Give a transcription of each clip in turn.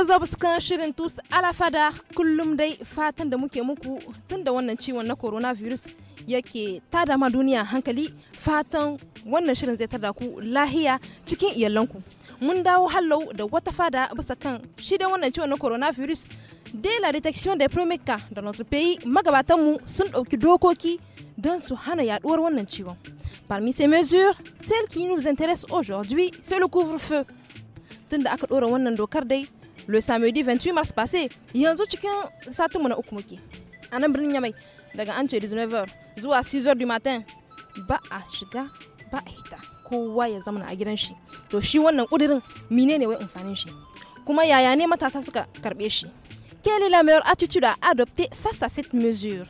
horoscopes kan shirin tus alafada kullum dai fatan da muke muku tun da wannan ciwon na coronavirus yake tada ma duniya hankali fatan wannan shirin zai tada ku lahiya cikin iyalanku mun dawo hallau da wata fada bisa kan shi da wannan ciwon na coronavirus dai la detection des premiers cas da notre pays magabatanmu sun ɗauki dokoki don su hana yaduwar wannan ciwon parmi ces mesures celle qui nous intéresse aujourd'hui c'est le couvre-feu tunda aka dora wannan dokar dai le samedi 28 mars passé yanzu cikin satin mu na muke a un birnin yamai daga an à 19 à 6 h du matin ba a shiga ba a hita kowa ya zama a gidan to shi wannan kudirin menene wai amfanin shi kuma yaya ne matasa suka karbe shi quelle est la meilleure attitude à adopter face à cette mesure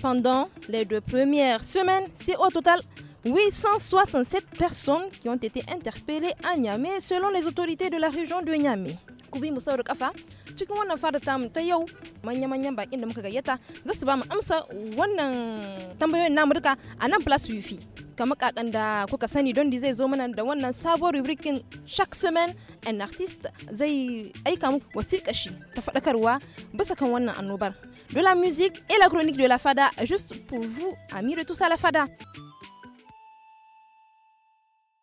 pendant les deux premières semaines c'est au total 867 personnes qui ont été interpellées à Niamey selon les autorités de la région de Niamey ku bi mu kafa cikin wannan fara tamu ta yau manya-manyan bakin da muka gayyata za su ba mu amsa wannan tambayoyin namu duka a nan plus wifi kamar kakan da kuka sani don di zai zo mana da wannan sabon rubrikin chaque semaine an artist zai aika muku wasiƙa shi ta faɗakarwa bisa kan wannan annobar de la musique et la chronique de la fada juste pour vous amis de tous à la fada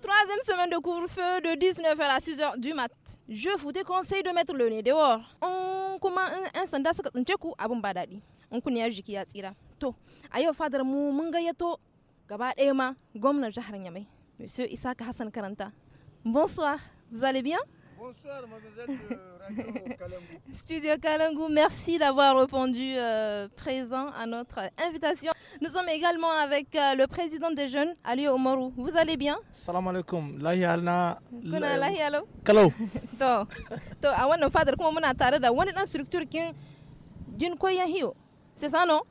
Troisième semaine de couvre-feu de 19h à 6h du mat. Je vous déconseille de mettre le nez dehors. On commence un sanda suka tsince On connaît ba daɗi. In kun jiki ya tsira. To, Ayo, yau fadar mu mun gaba ɗaya ma Monsieur Isaac Hassan Karanta. Bonsoir, vous allez bien? Bonsoir, mademoiselle de Radio Kalangou. Studio Kalangou, merci d'avoir répondu euh, présent à notre invitation. Nous sommes également avec euh, le président des jeunes, Ali Omarou. Vous allez bien Salam alaikum. Lahi alna. Kuna lahi To. To, awan father kuma muna tare da wani dan structure kin jin koyan hiyo. C'est ça non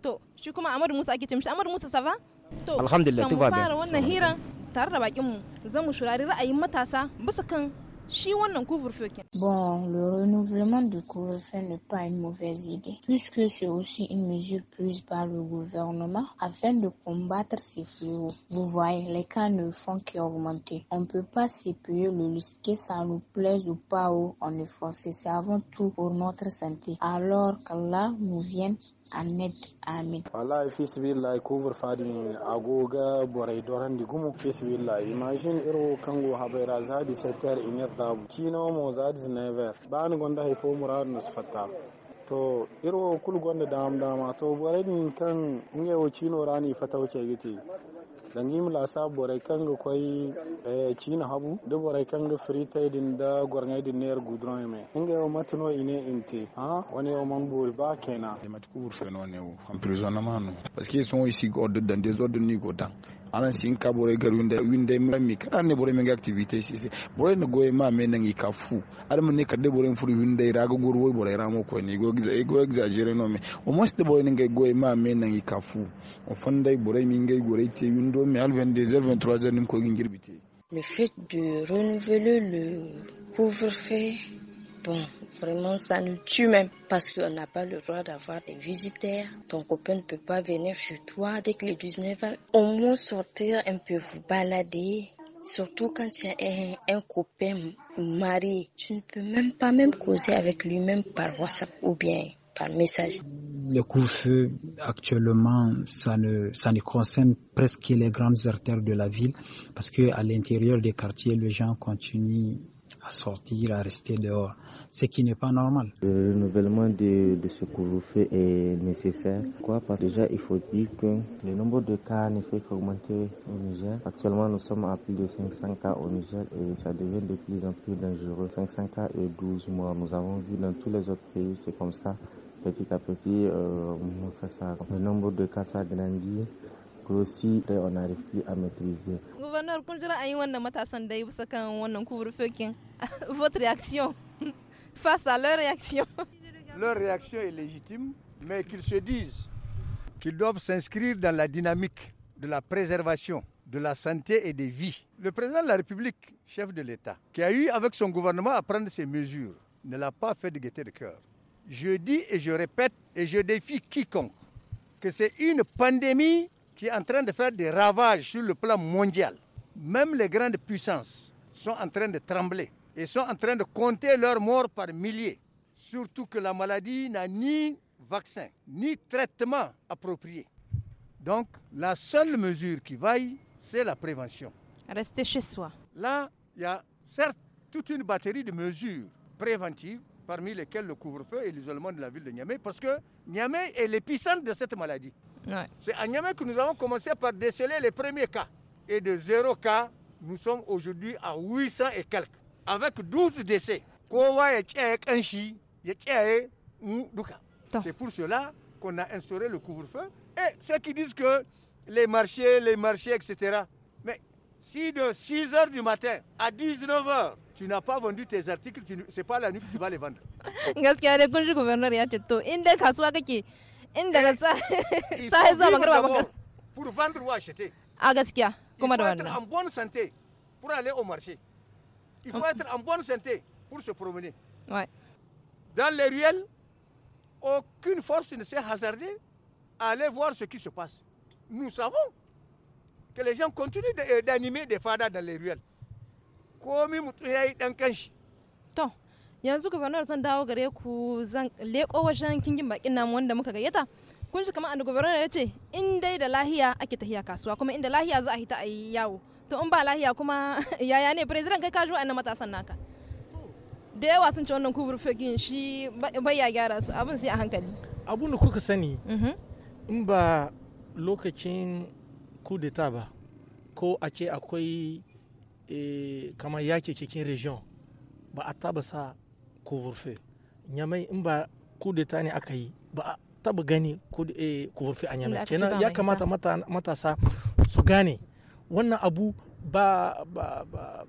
To, shi kuma Amadu Musa ake ce Amadu Musa ça va To. Alhamdulillah, tuba bien. Mu fara wannan hira tare da bakin mu. Zan mu shurari ra'ayin matasa bisa Bon, le renouvellement du couvre-feu n'est pas une mauvaise idée, puisque c'est aussi une mesure prise par le gouvernement afin de combattre ces fléaux. Vous voyez, les cas ne font qu'augmenter. On ne peut pas payer le risque, ça nous plaise ou pas, on est forcé. C'est avant tout pour notre santé. Alors là, nous viennent aned amin wallahi fi sabilillahi ko fadi agoga borai don handi gumu fi sabilillahi imagine iro kango habaira zadi setter inir dabu kino mo zadi never bani gonda hay haifo murad fatta to iro kul gonda dam dama to borai kan ngewo kino rani fatawce wuce gite dangimu la sa borai kanga koi eh, china habu de borai kanga free trading da gorngai din ner gudron me inga yo matno ine inte ha wani yau man bol ba kenan de matku urfe no ne o emprisonnement no parce qu'ils sont ici god dans des ordres ni godan aran sin ka bore gar winde winde mi kan ne bore menga activité si bore ne goye ma men ngi ka fu ar ne kadde bore furu winde ra go gor woy bore ra mo ko ni go go exagere no me o mo ste bore ngi goye ma men ngi ka fu o fonday bore mi ngi gore te windo me al 22h 23h nim ko ngi girbite le fait de renouveler le couvre-feu bon Vraiment, ça nous tue même parce qu'on n'a pas le droit d'avoir des visiteurs. Ton copain ne peut pas venir chez toi dès que les 19 ans. Au moins sortir un peu, vous balader. Surtout quand tu as un, un copain marié, tu ne peux même pas même causer avec lui-même par WhatsApp ou bien par message. Le coup-feu, actuellement, ça ne, ça ne concerne presque les grandes artères de la ville parce qu'à l'intérieur des quartiers, les gens continuent sortir, à rester dehors, ce qui n'est pas normal. Le renouvellement de, ce ce vous feu est nécessaire. Quoi Parce que déjà, il faut dire que le nombre de cas ne fait qu'augmenter au Niger. Actuellement, nous sommes à plus de 500 cas au Niger et ça devient de plus en plus dangereux. 500 cas et 12 mois. Nous avons vu dans tous les autres pays, c'est comme ça. Petit à petit, euh, ça, le nombre de cas s'agrandit. Aussi, on n'arrive plus à maîtriser. Gouverneur, ayi matasan dai couvre-feu votre réaction face à leur réaction Leur réaction est légitime, mais qu'ils se disent qu'ils doivent s'inscrire dans la dynamique de la préservation de la santé et des vies. Le président de la République, chef de l'État, qui a eu avec son gouvernement à prendre ces mesures, ne l'a pas fait de gaieté de cœur. Je dis et je répète et je défie quiconque que c'est une pandémie qui est en train de faire des ravages sur le plan mondial. Même les grandes puissances sont en train de trembler et sont en train de compter leurs morts par milliers. Surtout que la maladie n'a ni vaccin ni traitement approprié. Donc la seule mesure qui vaille, c'est la prévention. Rester chez soi. Là, il y a certes toute une batterie de mesures préventives, parmi lesquelles le couvre-feu et l'isolement de la ville de Niamey, parce que Niamey est l'épicentre de cette maladie. C'est à Niamey que nous avons commencé par déceler les premiers cas. Et de zéro cas, nous sommes aujourd'hui à 800 et quelques, avec 12 décès. C'est pour cela qu'on a instauré le couvre-feu. Et ceux qui disent que les marchés, les marchés, etc. Mais si de 6 h du matin à 19 h tu n'as pas vendu tes articles, ce n'est pas la nuit que tu vas les vendre. pour vendre ou acheter il faut être en bonne santé pour aller au marché il faut être en bonne santé pour se promener dans les ruelles aucune force ne s'est hasardée à aller voir ce qui se passe nous savons que les gens continuent d'animer des fadas dans les ruelles Comme yanzu gubernar zan dawo gare ku zan leko wajen kingin bakin namu wanda muka gayyata kun ji kamar gubernar ya ce in dai da lahiya ake tahiya kasuwa kuma inda lahiya za a hita a yi yawo to in ba lahiya kuma yaya ne president kai ka ji matasan naka da yawa sun ci wannan kubur fagin shi bai ya gyara su abin sai a hankali abun da kuka sani mhm. in ba lokacin kudeta ba ko a ce akwai eh, kamar yaki cikin region ba a taba sa couvre nyamai in ba kudeta ne aka yi ba taba gani couvre eh, a nyamai kenan ya kamata matasa su gane wannan abu ba ba ba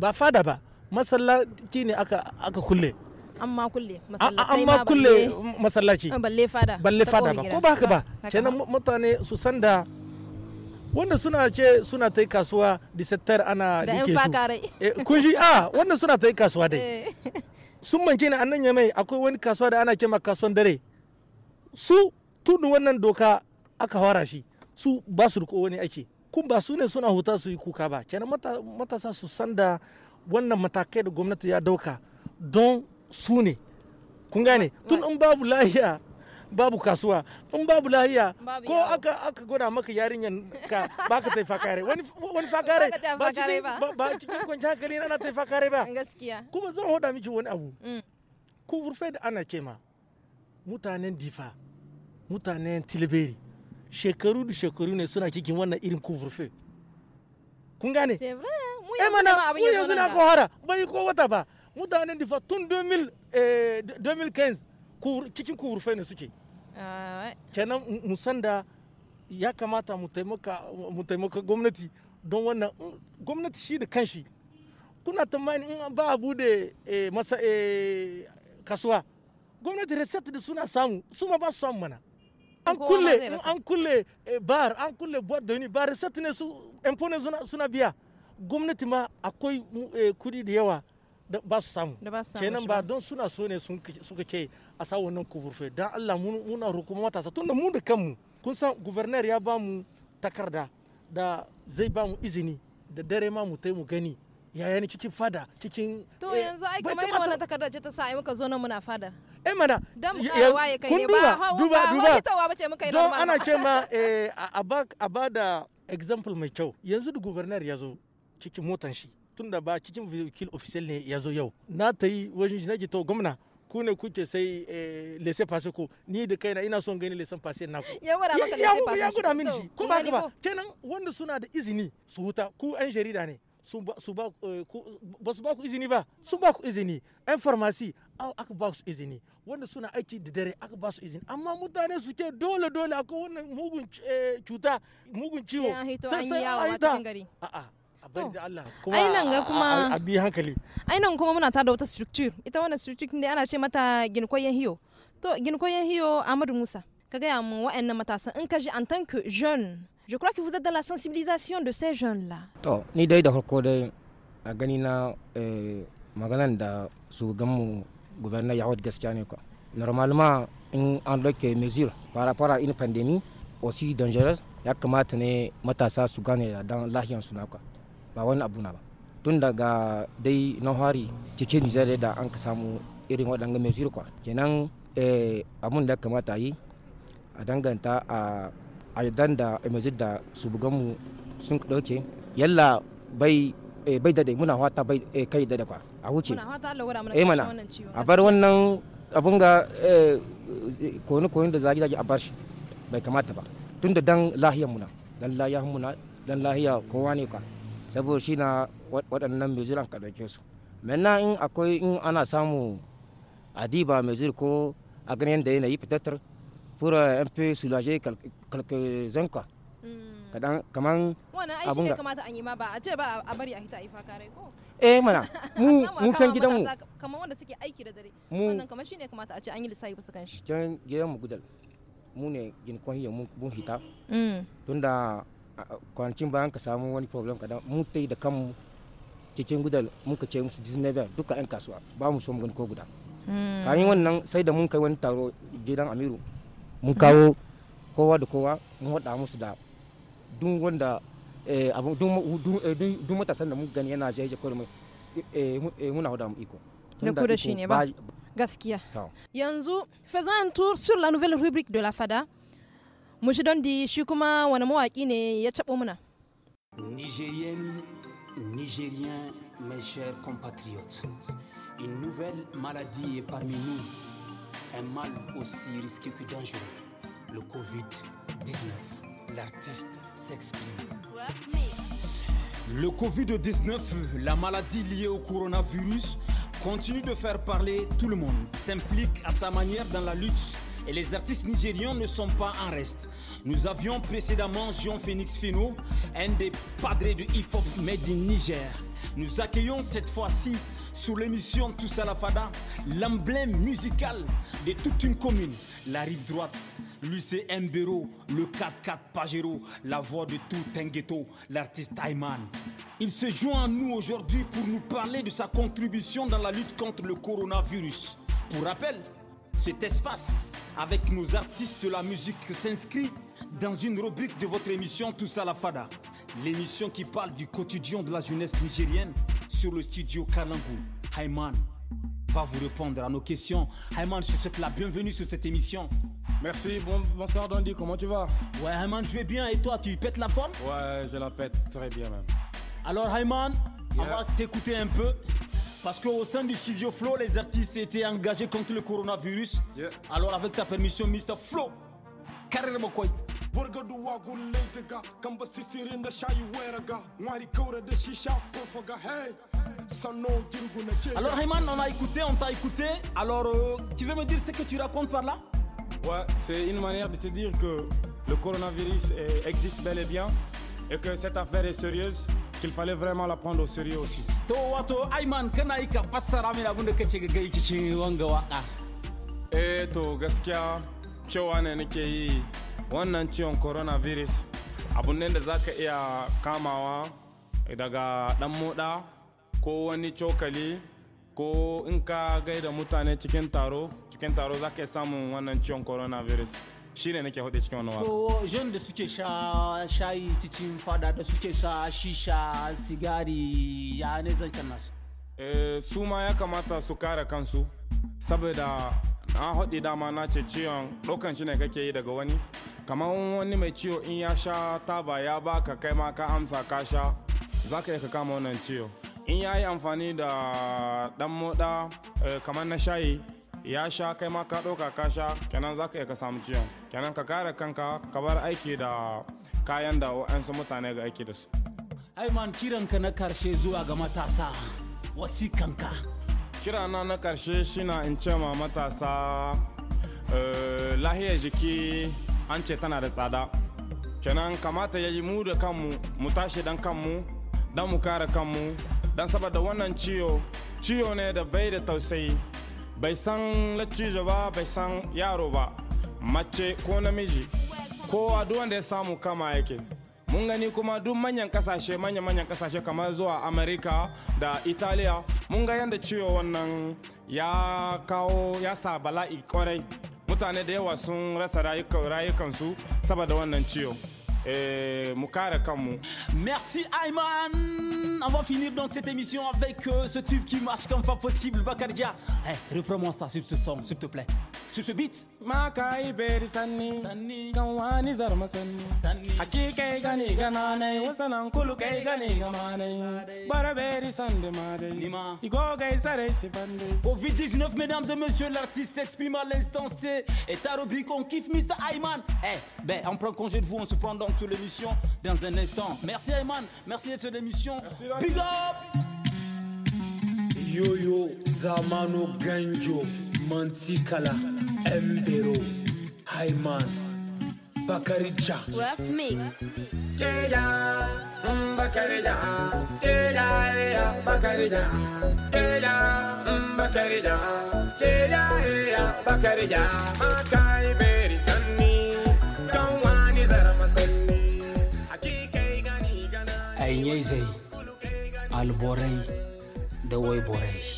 ba fada ba masallaci ne aka kulle amma kulle masallaci kulle masallaci eh, balle fada ba ko ba haka ba kenan mutane su sanda wanda suna ce suna ta yi kasuwa disettar ana rike su eh, kunshi a ah, wanda suna ta yi kasuwa dai sun manke ni annan ya mai akwai wani kasuwa da ana kema kasuwan dare su tunu wannan doka aka hawara shi su ba su riko wani ake kun ba su ne suna huta su yi kuka ba kenan matasa su san da wannan matakai da gwamnati ya dauka don su ne kun gane tun in babu lahiya babu kasuwa in babu lahiya ko aka aka gwada maka yarinyan ka baka taifa kare wani wani kare ba ba cikin kwanciyar hankali na taifa kare ba gaskiya kuma zan hoda miki wani abu mm. kuvurfe da ana kema mutanen difa mutanen tilberi shekaru da shekaru ne suna cikin wannan irin kuvurfe kun gane eh mana mu yanzu na ko hara bai ko wata ba mutanen difa tun 2015 eh, cikin kuvurfe ne suke Eh. kenan musan da ya kamata mu taimaka gwamnati don wannan mm, gwamnati shi da kanshi kuna tamani in ba a bude eh, masa eh, kasuwa gwamnati reset da suna samu su ma ba su samu mana an kulle an kulle bar an kulle bar da ba bar reset ne su impone suna biya gwamnati ma akwai mm, kudi da yawa da ba su samu kenan ba don suna so ne suka ce a sa wannan kufurfe don Allah muna roƙo matasa tunda mu da kanmu kun san gubernar ya ba mu takarda da zai ba mu izini da dare ma mu tai mu gani yaya cikin fada cikin to eh, yanzu ai kamar irin wannan takarda ce ta sa ai muka zo nan muna fada eh mana dan waye kai ne ba duba duba duba don ana ce ma eh, a ba da example mai kyau yanzu da guverner ya zo cikin motan shi tun da ba cikin wakil official ne ya zo yau na ta yi wajen shi nake to gwamna ku ne kuke sai eh, lese fase ko ni da kaina ina son gani lesen fase na ku ya gura min shi ko ba ka ba kenan wanda suna da izini su huta ku yan jarida ne eh, ba su ba ku izini ba sun ba ku izini yan farmasi aka ba su izini wanda suna aiki da dare aka ba su izini amma mutane su ke dole dole akwai wannan mugun eh, cuta mugun ciwo sai sai a gari. Oh. a da Allah kuma a, kuma a hankali kuma muna tada wata structure ita wannan structure ne ana ce mata ginkoyen hiyo to ginkoyen hiyo Ahmadu Musa ka gaya mu wa'annan matasan in ka ji en tant que jeune je crois que vous êtes dans la sensibilisation de ces jeunes là to ni dai da farko dai a gani na eh, maganan da su mu gouverneur Yahud gaskiya ne kwa normalement in an ɗauke mesure par rapport à une pandémie aussi dangereuse ya kamata ne matasa su gane da lahiyansu na kwa ba wani abu na ba tun daga dai na hari cikin nijar da an ka samu irin waɗanga mai zirkwa kenan eh, abun da kamata yi a danganta a aidan da mai da su buganmu sun ɗauke yalla bai eh, bai da muna wata bai eh, kai da kwa a wuce eh mana a bar wannan abun ga koyon da zagi zagi a bar shi bai kamata ba tun da dan lahiyar muna dan lahiyar muna dan lahiya kowa ne kwa saboda shi na waɗannan mezir ka ɗauke su menna in akwai in ana samu adiba mezur ko a ganin da yanayi fitattar fura yan fi sulaje kalkazanka kadan kaman abun ga kamata an yi ma ba a ce ba a bari a hita ifa kare ko eh mana mu mu kan gidan mu kaman wanda suke aiki da dare wannan kamar shine kamata a ce an yi lissafi bisa kan shi kan gidan mu gudal mu ne ginkon hiyar mun hita hmm. tunda kwanakin bayan ka samu wani problem mun tai da kan cikin gudal muka ce musu duka 'yan kasuwa ba mu so mu gani ko guda hmm. kayan wannan sai da mun kai wani taro gidan amiru mun kawo kowa da kowa mun musu da mun gani yana yanzu faisons un tour sur la nouvelle rubrique de la fada mushi shi kuma ne nigérien mes chers compatriotes une nouvelle maladie est parmi nous un mal aussi risqué que dangereux le covid-19 l'artiste s'exprime le Covid-19, la maladie liée au coronavirus, continue de faire parler tout le monde, s'implique à sa manière dans la lutte et les artistes nigérians ne sont pas en reste. Nous avions précédemment Jean Phoenix Fino, un des padres du hip-hop made in Niger. Nous accueillons cette fois-ci sur l'émission Tous à Fada, l'emblème musical de toute une commune. La rive droite, l'UCM Bureau, le 4-4 Pajero, la voix de tout un ghetto, l'artiste Ayman. Il se joint à nous aujourd'hui pour nous parler de sa contribution dans la lutte contre le coronavirus. Pour rappel, cet espace avec nos artistes, la musique s'inscrit dans une rubrique de votre émission Tous à la Fada. L'émission qui parle du quotidien de la jeunesse nigérienne sur le studio Kalangu. Hayman va vous répondre à nos questions. Hayman, je souhaite la bienvenue sur cette émission. Merci, bonsoir Dandy, comment tu vas Ouais, Hayman, je vais bien et toi, tu pètes la forme Ouais, je la pète très bien même. Alors, Hayman, on va t'écouter un peu parce qu'au sein du studio Flo, les artistes étaient engagés contre le coronavirus. Alors avec ta permission, Mr. Flo, carrément quoi alors Heyman, on a écouté, on t'a écouté. Alors, euh, tu veux me dire ce que tu racontes par là Ouais, c'est une manière de te dire que le coronavirus existe bel et bien et que cette affaire est sérieuse qu'il fallait vraiment la prendre au sérieux aussi. gaskiya cewa ne nake yi wannan coronavirus abun da zaka iya kamawa dan moda ko wani cokali ko in ka gaida mutane cikin taro cikin taro zaka wannan coronavirus. ne nake hudu cikin wani wa? to jen da suke sha shayi cikin fada da suke sha shisha sigari ya ne zancen eh su ma ya kamata su kare kansu saboda na hudu dama na ce ciwon ɗaukan shi ne kake yi daga wani kamar wani mai ciwo in ya sha taba ya baka kai ma ka amsa ka sha za ka iya ka kama wannan ciwo in ya yi amfani da dan moda eh, kamar na shayi ya sha kai ma ka ɗauka ka sha kenan za ka iya ka samu ciwon kenan ka kare kanka ka bar aiki da kayan da wa'ansu mutane ga aiki da su aiman kiranka na karshe zuwa ga matasa wasikanka kirana na karshe shina in ce ma matasa eh, lahiyar jiki an ce tana da tsada kenan kamata ya yi mu da kanmu mu tashi dan kanmu dan mu kare kanmu dan saboda wannan ciwo ciwo ne da bai da tausayi bai san laccijo ba bai san yaro ba mace ko namiji kowa duk wanda ya samu kama yake mun gani kuma duk manyan kasashe manyan manyan kasashe kamar zuwa amerika da italiya mun ga yadda ciwo wannan ya kawo ya sa bala'i kwarai mutane da yawa sun rasa rayukansu saboda wannan ciwo eh, mu kare kanmu merci aiman on va finir donc cette émission avec euh, ce tube qui marche comme pas possible, Bacardia. Hey, eh, reprends-moi ça sur ce son, s'il te plaît. Ce beat ma ka beri sanni kan wani zarma sanni hakika gani gana nai wasanan kulu ka bara beri sande ma dai Igo go bande Covid-19 mesdames et messieurs l'artiste s'exprime à l'instant C et ta rubrique on kiffe Mr. Ayman Eh ben on prend congé de vous on se prend donc sur l'émission dans un instant Merci Ayman merci d'être sur l'émission Big up Yo yo Zamano Ganjo Mantikala, Mbero, Hyman, Bakarija. Rough mix. Mm, Teya, Bakarija, Teya, mm, Bakarija, Teya, Bakarija, Teya, Bakarija, Makai Beri Sunni, Kawani Zaramasalli, Akike Gani Gana, Ainyezei, Alborei, the way Borei.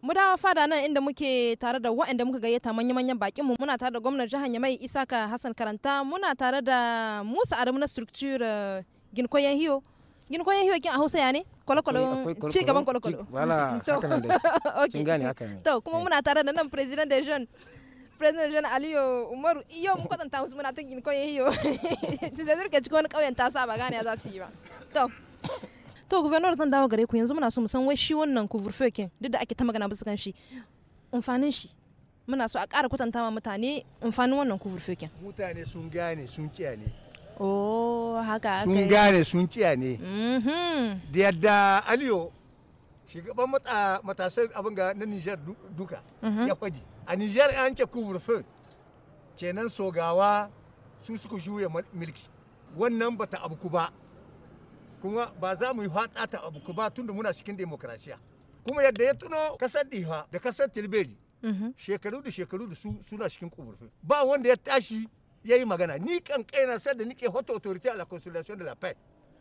mu dawo fada nan inda muke tare da waɗanda muka gayyata manya-manyan bakinmu muna tare da gwamnan jihar Yamai Isaka Hassan Karanta muna tare da Musa Adamu na structure eh, Ginkoyen Hiyo Ginkoyen Hiyo kin a Hausa ya ne kwalokwalo ci gaban kwalokwalo wala haka nan dai haka to kuma eh. muna tare da nan president de jeune president jeune Aliyo Umaru iyo mu kwatanta musu muna ta Ginkoyen Hiyo da zurke cikin wani kauyen ta sa ba gane ya za su yi ba to to governor zan dawo gare ku yanzu muna so mu san wai shi wannan couvre-feu duk da ake ta magana bisa kan shi amfanin shi muna so a ƙara kwatanta ma mutane amfanin wannan couvre-feu mutane sun gane sun ciya ne oh haka haka sun gane sun ciya ne mm-hmm. da yadda aliyo shugaban matasan abin ga na Niger duka mm-hmm. ya faɗi a Niger an ce couvre-feu kenan sogawa su suka juya milki wannan bata abu ba kuma ba za mu yi hata ta abu ba tunda muna cikin demokrasiya kuma yadda ya tuno kasar diha da kasar tilberi mhm. shekaru da shekaru da su suna cikin kuburfi ba wanda ya tashi ya yi magana ni kan kaina sai da nike hoto autorite a la consolation de la paix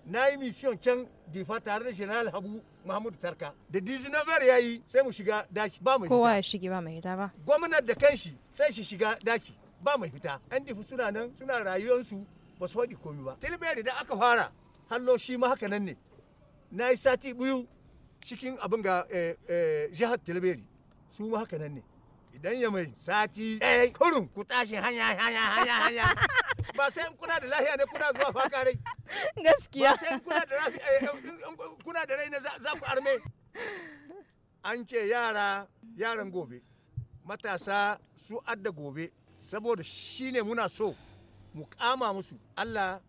na yi mission can difa tare da general habu mahmud tarka da dizinabar ya yi sai mu shiga daki ba mu kowa ya shige ba mai ba gwamnati da kanshi sai shi shiga daki ba mai fita yan difu suna nan suna rayuwarsu ba su faɗi komi ba tilberi da aka fara hallo shi ma haka nan ne na yi sati biyu cikin abin ga eh, eh, jihar tilberi su ma haka nan ne idan ya mai sati ɗaya kurun ku tashi hanya hanya hanya hanya ba sai in kuna da lahiya ne kuna zuwa faka rai gaskiya ba sai in kuna da rafi eh, kuna da rai ne za ku arme an ce yara yaran gobe matasa su adda gobe saboda shine muna so mu kama musu Allah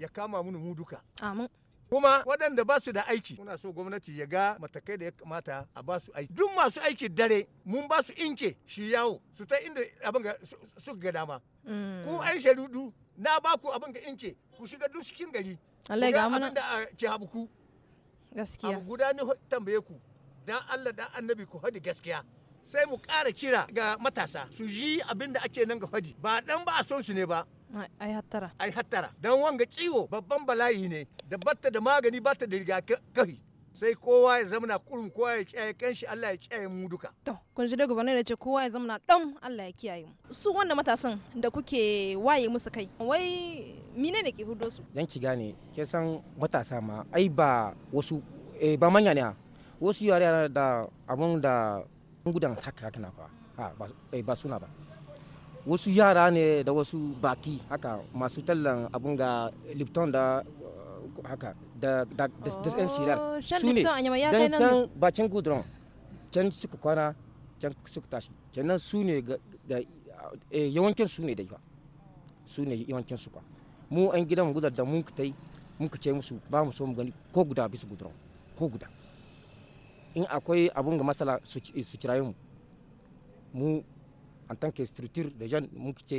ya kama mu mu duka amin kuma waɗanda ba su da aiki muna so gwamnati ya ga matakai da ya kamata a ba su aiki duk masu aiki dare mun ba su ince shi yawo su ta inda abin ga su ga dama mm. ku an sharudu na ba ku abin ga ince ku shiga duk cikin gari Allah ga mana da ke habuku gaskiya abu guda ne tambaye ku dan Allah dan annabi ku hadi gaskiya sai mu ƙara kira ga matasa su ji abin da ake nan ga hadi ba dan ba a son su ne ba ai hattara ai hattara don wanga ciwo babban bala'i ne da batta da magani batta da rigakafi sai kowa ya zamana kurum kowa ya kiyaye kanshi Allah ya kiyaye mu duka. To, kun ji da gwamnati da ce kowa ya zamana dan Allah ya kiyaye mu. Su wannan matasan da kuke waye musu kai, wai mine ne ke hudo su? Dan ki gane, ke san matasa ma ai ba wasu eh, ba manya ne wasu yare da abun da gudan haka haka na fa. Ha, ba eh, suna ba. wasu yara ne da wasu baki haka masu tallan abun ga lipton da uh, haka da da da yan oh, sirar su ne dan can bacin gudron can suka kwana can suka tashi kenan su ne ga eh, yawancin su ne da yawa su ne yawancin su kwa mu an gidan gudar da mun kai mun ce musu ba mu so mu gani ko guda bisa gudron ko guda in akwai abun ga masala su kirayen mu mu en tant que structure da jan mun kice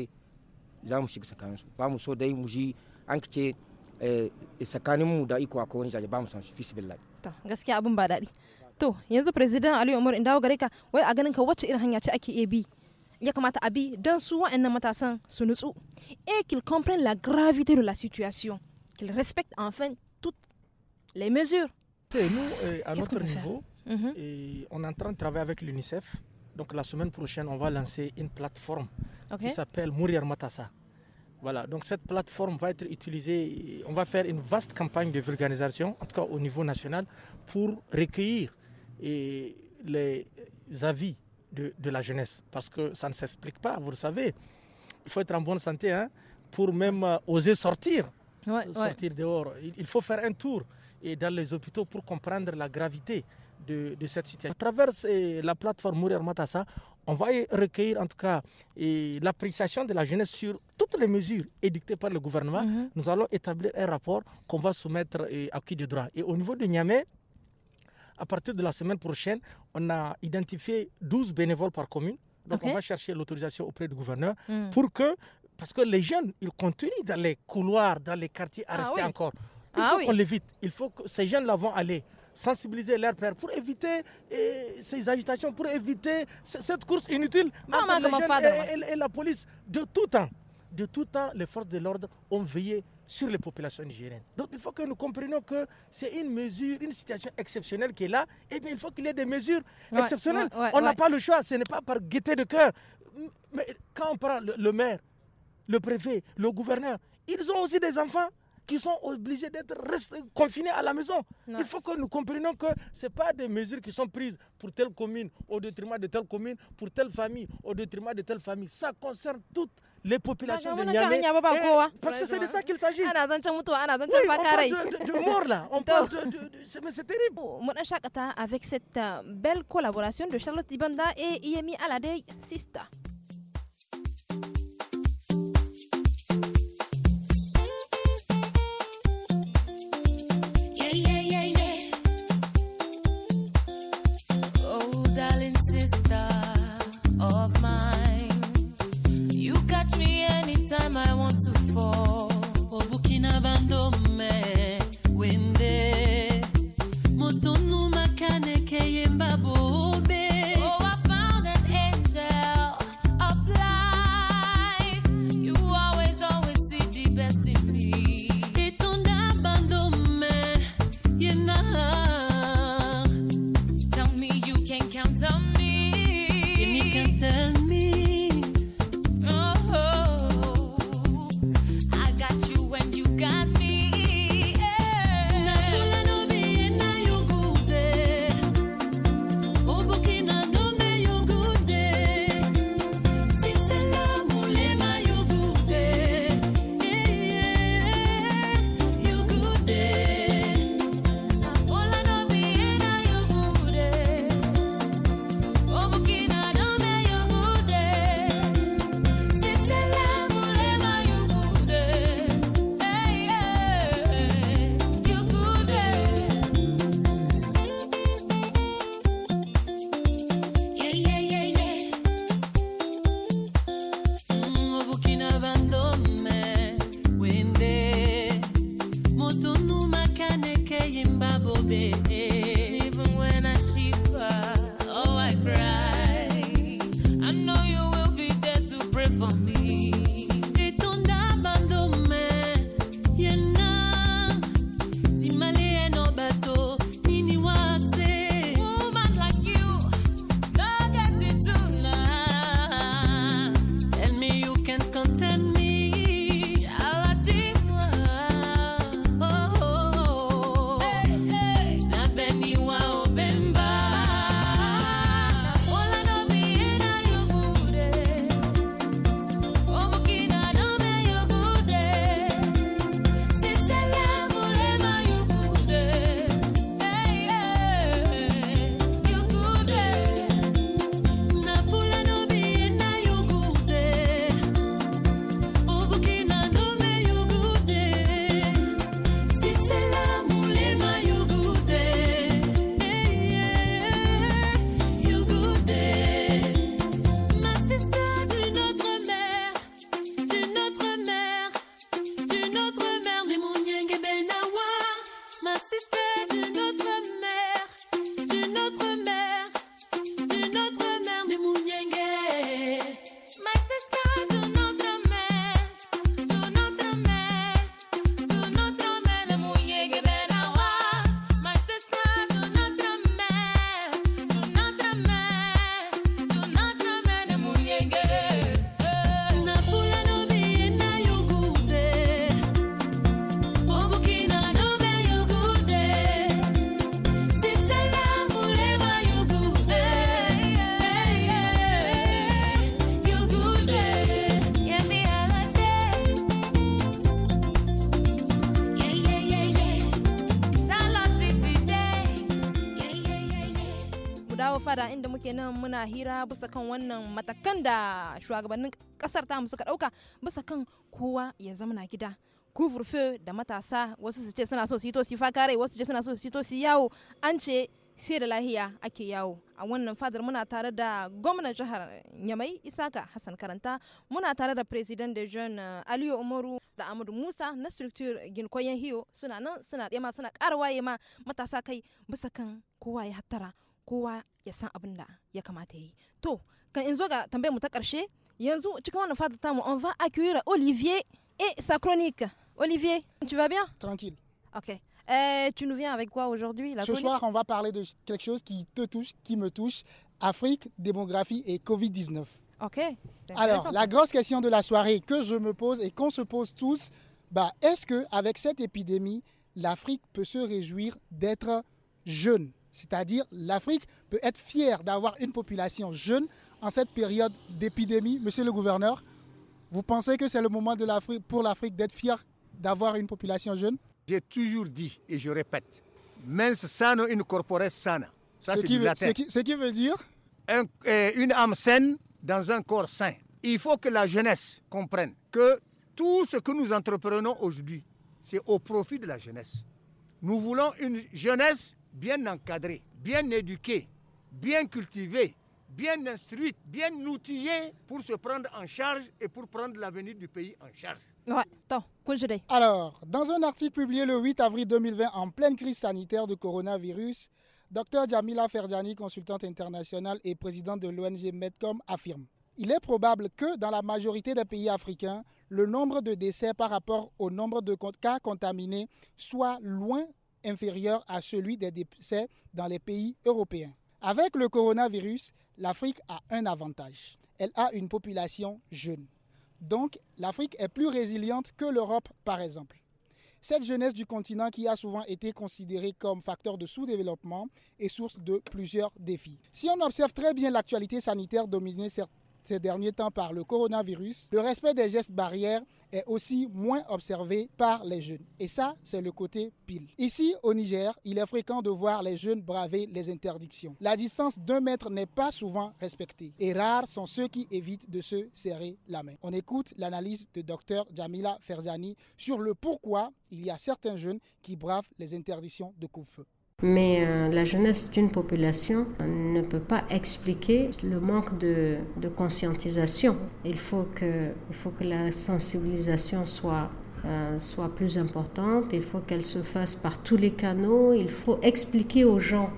za sakansu ba mu so dai mu ji an kice eh, tsakaninmu da iko akwai wani jaje ba mu san shi fisibillahi to gaskiya abun ba dadi to yanzu president ali umar in dawo gare ka wai a ganin ka wacce irin hanya ce ake iya bi ya kamata a bi don su wa'annan matasan su nutsu et qu'il comprennent la gravité de la situation qu'il respecte enfin toutes les mesures nous euh, à notre niveau mm -hmm. et on est en train de travailler avec l'UNICEF donc la semaine prochaine, on va lancer une plateforme qui s'appelle Mourir Matassa. Voilà, donc cette plateforme va être utilisée, on va faire une vaste campagne de vulgarisation, en tout cas au niveau national, pour recueillir les avis de, la jeunesse. Parce que ça ne s'explique pas, vous le savez. Il faut être en bonne santé hein, pour même euh, oser sortir. sortir dehors. Il, il faut faire un tour et dans les hôpitaux pour comprendre la gravité de, cette cité À travers euh, la plateforme Mourir Matassa, on va recueillir en tout cas l'appréciation de la jeunesse sur toutes les mesures édictées par le gouvernement. Mhm. Nous allons établir un rapport qu'on va soumettre euh, à qui de droit. Et au niveau de Niamey, à partir de la semaine prochaine, on a identifié 12 bénévoles par commune. Donc on va chercher l'autorisation auprès du gouverneur mm. pour que, parce que les jeunes, ils continuent dans les couloirs, dans les quartiers à ah rester encore. Il ah faut qu'on l'évite. Il faut que ces jeunes-là vont aller sensibiliser leur père pour éviter ces agitations, pour éviter cette course inutile entre et, et la police de tout temps. De tout temps, les forces de l'ordre ont veillé sur les populations nigériennes. Donc il faut que nous comprenions que c'est une mesure, une situation exceptionnelle qui est là, et bien il faut qu'il y ait des mesures exceptionnelles. on n'a pas le choix, ce n'est pas par gaieté de cœur. Mais quand on parle, le, maire, le préfet, le gouverneur, ils ont aussi des enfants, qui sont obligés d'être confinés à la maison. Il faut que nous comprenions que ce n'est pas des mesures qui sont prises pour telle commune, au détriment de telle commune, pour telle famille, au détriment de telle famille. Ça concerne toutes les populations de Niamey. Parce que c'est de ça qu'il s'agit. on parle de, mort là. On mais c'est terrible. Oh, avec cette euh, belle collaboration de Charlotte Ibanda et Yemi Alade Sista. kenan muna hira bisa kan wannan matakan da shugabannin kasar ta suka dauka bisa kan kowa ya zamana gida kuvurfe da matasa wasu su ce suna so su yi to su fakare wasu ce suna so su yi to su yawo an ce sai da lahiya ake yawo a wannan fadar muna tare da gwamnan jihar nyamai isaka hassan karanta muna tare da president de john eh, aliyu umaru da amadu musa na structure ginkoyen hiyo suna nan suna suna ƙara waye ma matasa kai bisa kan kowa ya hattara to on va accueillir Olivier et sa chronique Olivier tu vas bien tranquille ok euh, tu nous viens avec quoi aujourd'hui Ce soir, on va parler de quelque chose qui te touche, qui me touche Afrique, démographie et Covid-19. Ok. Alors, la grosse question de la soirée que je me pose et qu'on se pose tous, bah, est-ce que avec cette épidémie, l'Afrique peut se réjouir d'être jeune c'est-à-dire l'Afrique peut être fière d'avoir une population jeune en cette période d'épidémie. Monsieur le gouverneur, vous pensez que c'est le moment de pour l'Afrique d'être fière d'avoir une population jeune J'ai toujours dit et je répète, mens sano in corpore sana. Ça, ce, qui veut, ce, qui, veut, dire euh, Une âme saine dans un corps sain. Il faut que la jeunesse comprenne que tout ce que nous entreprenons aujourd'hui, c'est au profit de la jeunesse. Nous voulons une jeunesse bien encadré, bien éduqué, bien cultivé, bien instruite, bien outillé pour se prendre en charge et pour prendre l'avenir du pays en charge. Ouais, attends, Alors, dans un article publié le 8 avril 2020 en pleine crise sanitaire de coronavirus, Dr Jamila Ferjani, consultante internationale et présidente de l'ONG Medcom, affirme Il est probable que dans la majorité des pays africains, le nombre de décès par rapport au nombre de cas contaminés soit loin inférieur à celui des décès dans les pays européens. Avec le coronavirus, l'Afrique a un avantage. Elle a une population jeune. Donc, l'Afrique est plus résiliente que l'Europe, par exemple. Cette jeunesse du continent qui a souvent été considérée comme facteur de sous-développement est source de plusieurs défis. Si on observe très bien l'actualité sanitaire dominée ces derniers temps par le coronavirus, le respect des gestes barrières est aussi moins observé par les jeunes. Et ça, c'est le côté pile. Ici, au Niger, il est fréquent de voir les jeunes braver les interdictions. La distance d'un mètre n'est pas souvent respectée et rares sont ceux qui évitent de se serrer la main. On écoute l'analyse de Dr Jamila Ferjani sur le pourquoi il y a certains jeunes qui bravent les interdictions de coup feu mais euh, la jeunesse d'une population euh, ne peut pas expliquer le manque de, conscientisation. Il faut, que, il faut que la sensibilisation euh, soit plus importante, il faut qu'elle se fasse par tous les canaux, il faut expliquer aux gens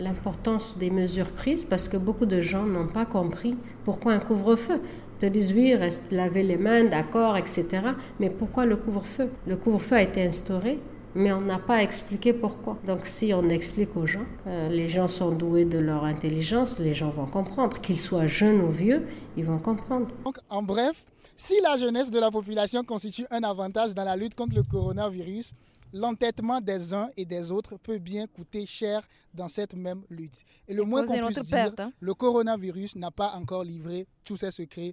l'importance des mesures prises parce que beaucoup de gens n'ont pas compris pourquoi un couvre-feu. Ils te disent oui, reste laver les mains, d'accord, etc. Mais pourquoi le couvre-feu Le couvre-feu a été instauré mais on n'a pas expliqué pourquoi. Donc si on explique aux gens, euh, les gens sont doués de leur intelligence, les gens vont comprendre. Qu'ils soient jeunes ou vieux, ils vont comprendre. Donc en bref, si la jeunesse de la population constitue un avantage dans la lutte contre le coronavirus, l'entêtement des uns et des autres peut bien coûter cher dans cette même lutte. Et le moins qu'on puisse dire, hein. le coronavirus n'a pas encore livré tous ses secrets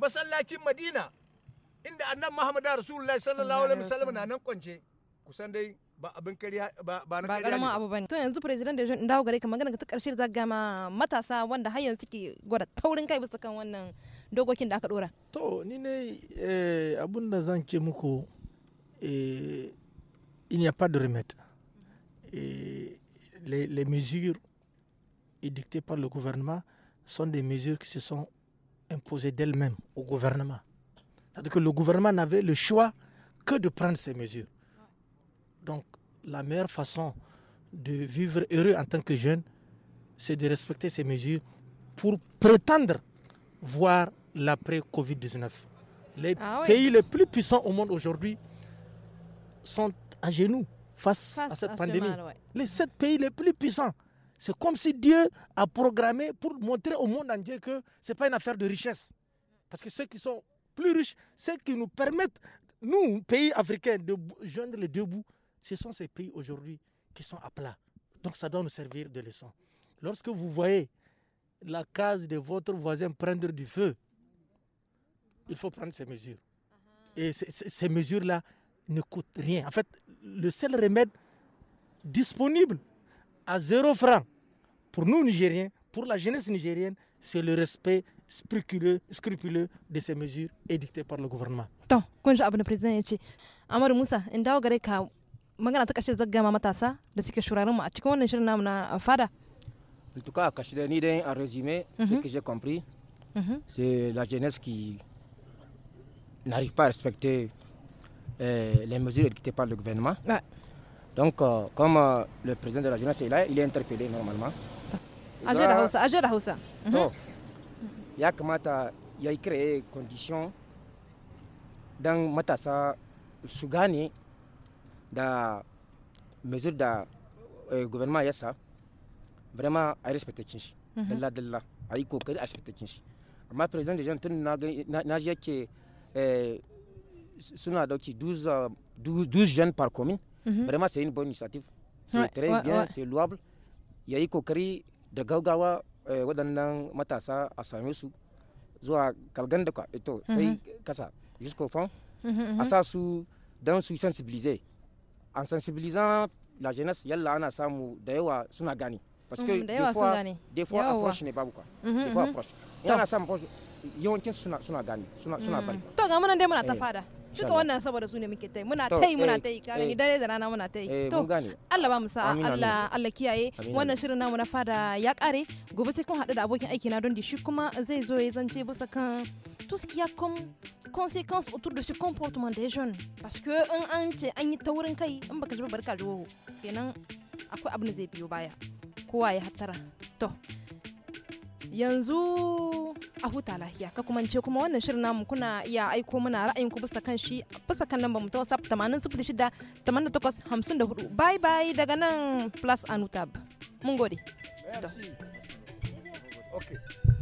masallacin madina inda annan muhammadu rasulullahi sallallahu alaihi wasallam na nan kwance kusan dai ba abin kariya ba ba na kari ba abu bane to yanzu president da dawo gare ka magana ka ta karshe da ga ma matasa wanda har yanzu suke gwada taurin kai bisa kan wannan dokokin da aka dora to ni ne eh, abun da zan ce muku eh, il n'y a pas de remède eh, les, les mesures édictées par le gouvernement sont des mesures qui se sont imposée d'elle-même au gouvernement. C'est-à-dire que le gouvernement n'avait le choix que de prendre ces mesures. Donc, la meilleure façon de vivre heureux en tant que jeune, c'est de respecter ces mesures pour prétendre voir l'après-Covid-19. Les ah pays les plus puissants au monde aujourd'hui sont à genoux face, à cette pandémie. Les sept pays les plus puissants c'est comme si Dieu a programmé pour montrer au monde entier que ce n'est pas une affaire de richesse. Parce que ceux qui sont plus riches, ceux qui nous permettent, nous, pays africains, de joindre les deux bouts, ce sont ces pays aujourd'hui qui sont à plat. Donc ça doit nous servir de leçon. Lorsque vous voyez la case de votre voisin prendre du feu, il faut prendre ces mesures. Uh-huh. Et ces mesures-là ne coûtent rien. En fait, le seul remède disponible à zéro franc, pour nous Nigériens, pour la jeunesse nigérienne, c'est le respect scrupuleux, scrupuleux de ces mesures édictées par le gouvernement. Donc, quand je abu da president ya ce, Amar Musa, ka magana ta kashe zagga ma matasa da suke shuraren mu a cikin wannan shirin namu na fada. En tout cas, Kachida, ni en résumé, ce mhm. que j'ai compris, mhm. c'est la jeunesse qui n'arrive pas à respecter euh, les mesures édictées par le gouvernement. Ouais. Donc, euh, comme euh, le président de la jeunesse est là, il est interpellé normalement a ah, je da hausa ah, a hausa to mhm. ya kamata ya créé conditions. condition don matasa sugani da mesure da euh, gouvernement ya sa vraiment a respectakin shi dalla mhm. dalla a yi kokari a respectakin shi amma president da jan tun na yake suna dauki 12 jeunes par commune mhm. vraiment c'est une bonne initiative c'est très bien c'est louable ya yi kokari da gaugawa eh, waɗannan matasa a same su zuwa kalgan da kwa ito eh, mhm. sai kasa jusqu'au fond mhm, mhm, a sa su don su sensibiliser en sensibilisant la jeunesse yalla ana samu da yawa suna gani parce que des fois approche ne babu quoi des fois approche yana samu approche yawancin suna suna gane suna suna mm. bari to ga munan dai muna ta eh, fada duka wannan saboda su ne muke tai muna tai muna eh, tai ka gani eh. dare da rana muna tai to Allah ba mu sa Allah Allah kiyaye wannan shirin namu na fada ya kare gobe sai kun haɗu da abokin aiki na don shi kuma zai zo ya zance bisa kan tout ce qu'il y a comme conséquence autour de ce comportement des jeunes parce que un an ce an yi taurin kai in baka ji ba barka da kenan akwai abin da zai biyo baya kowa ya hatara to yanzu a huta lahiya ka kuma ce kuma wannan shirin namu kuna iya aiko mana ku bisa kan shi bisa kan lambar mu ta WhatsApp 8006 8854 bye bye daga nan plus anutab mun gode Okay.